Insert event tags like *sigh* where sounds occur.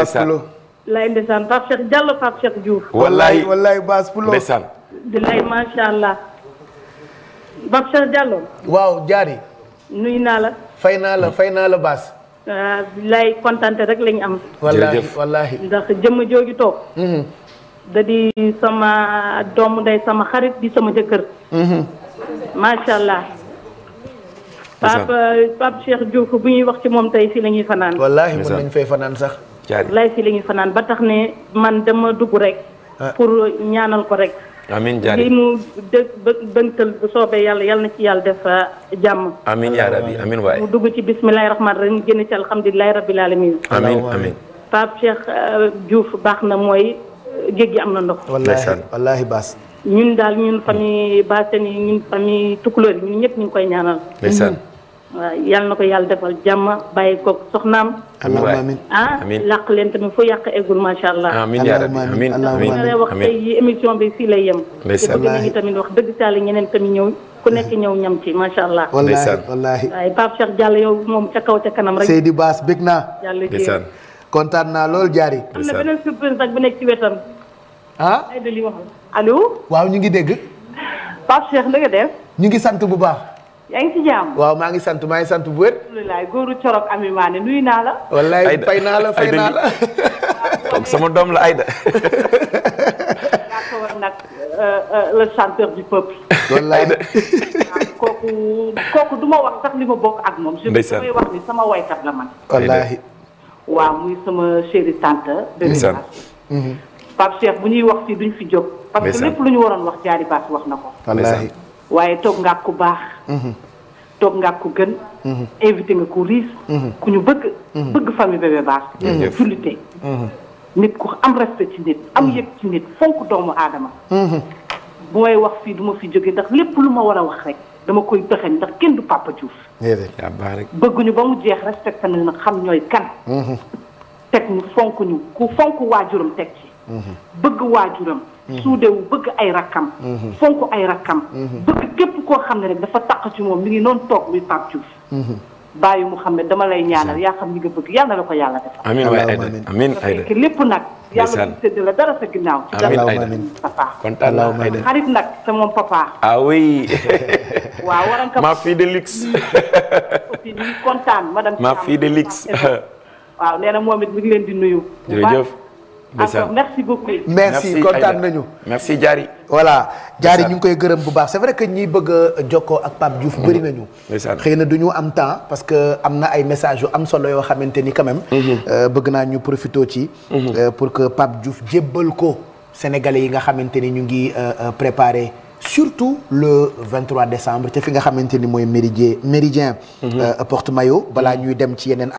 Baas Pulo. lay ndeysaan Pape Cheikh Diallo Pape Cheikh Diouf. wallaay wallaay Baas Pulo ndeysaan. di lay macha allah. Pape Cheikh Diallo. waaw jaari. nuyu naa la. fay naa la fay naa la Baas. Ah, lay kontante rek lañ am. wallaahi wallaahi ndax jëmm jooju toog. Mhm. da di sama doomu ndey sama xarit di sama jëkkër. Mhm. macha allah. Pape Pape Cheikh bu ñuy wax ci moom tey fii fanaan. wallaahi mën fay fanaan sax. lay si la ñu fanaan ba tax ne man dama dugg rek. Ah. pour ñaanal ko rek. amiin jaari li mu dë bëntal bu soobee yàlla yàlla na ci yàlla def ah, jàmm. amiin yaa rabbi amiin waay. mu dugg ci bismillahi rahmaani rahim génn ci alhamdulilahi rabbil alamin. amiin amiin. Pape Cheikh ah, Diouf baax na mooy géej gi am na ndox. wallaahi wallaahi baas. ñun daal ñun famille Bassène yi ñun famille Tukulóor yi ñun ñëpp ñu koy ñaanal. waaw yal na ko yàlla defal jàmm bàyyi koog soxnaam. allahumma amiin ah làq leen tamit fu yàq eggul macha allah. amiin yaa rabbi amiin amiin amiin émission bi fii lay tamit wax dëgg saa la ñeneen tamit ñëw ku nekk ñëw ñam ci macha allah. ndeysaan wallaahi waaye Pape Cheikh Diallo yow moom ca kaw ca kanam rek. Seydi Bass bég naa. ndeysaan kontaan naa lool jaari. am na beneen surprise nag bu nekk ci wetam. ah ay dali waxal allo. waaw ñu ngi dégg. Pape Cheikh nga def. ñu ngi sant bu baax. yaa ngi ci jàmm. waaw maa ngi sant maa ngi sant bu wér. alhamdulilah góoru corog Ami Mané nuyu naa la. wallaay fay naa la fay naa la. donc *laughs* sama doom la Aïda. yaa ko war nag euh, euh, *laughs* kooku kooku du ma wax sax li ma bokk ak moom. ndeysaan je wax ni sama waykat la man. wallaahi. waaw muy sama chérie tante. bébé mhm. Pape Cheikh bu ñuy wax fii duñ fi jóg. parce que lépp lu ñu waroon wax jaari baas wax na ko. wallaahi. waaye toog nga ku baax. Mhm. toog nga ko gën. Mhm. invité nga ku riis. Mhm. ku ñu bëgg. bëgg famille Bébé Baas. jërëjëf nit ku am respect nit. am yëg ci nit fonk doomu aadama. booy wax fii duma fi jóge ndax lépp lu ma war a wax rek dama koy dëxañ ndax kenn du Papa Diouf. bëgguñu ba mu jeex respecté na xam ñooy kan. teg ñu fonk ñu ku fonk waajuram teg ci. bëgg waajuram suudewu bëgg ay rakkam fonk ay rakkam bëgg képp koo xam ne rek dafa taq ci moom mi ngi noonu toog muy Pape Diouf bàyyi Mouhamed dama lay ñaanal yaa xam li nga bëgg yàlla na la ko yàlla def amiin waay Aïda amiin Aïda fekk lépp nag yàlla du sédd la dara sa ginnaaw ci dara papa kontaan naa Aïda xarit nag sa moom papa ah oui *laughs* waaw waran ka ma fille de luxe *laughs* aussi ñu kontaan madame ma fille de luxe waaw nee na moom it mi ngi leen di nuyu *laughs* jërëjëf encore merci beaucoup. merci kontaan nañu. merci Diary. voilà Diary ñu ngi koy gërëm bu baax c'est vrai que ñi bëgg a jokkoo ak Pape Diouf mm-hmm. bëri nañu. xëy na du ñu am temps parce que am na ay messages yu am solo yoo xamante ni quand même. Mm-hmm. Euh, bëgg naa ñu profité ci. Mm-hmm. Euh, pour que Pape Diouf jébbal ko sénégalais yi nga xamante ni ñu ngi euh, préparé. surtout le 23 décembre te fi nga xamante ni mooy méridien méridien porte maillot balaa ñuy dem ci yeneen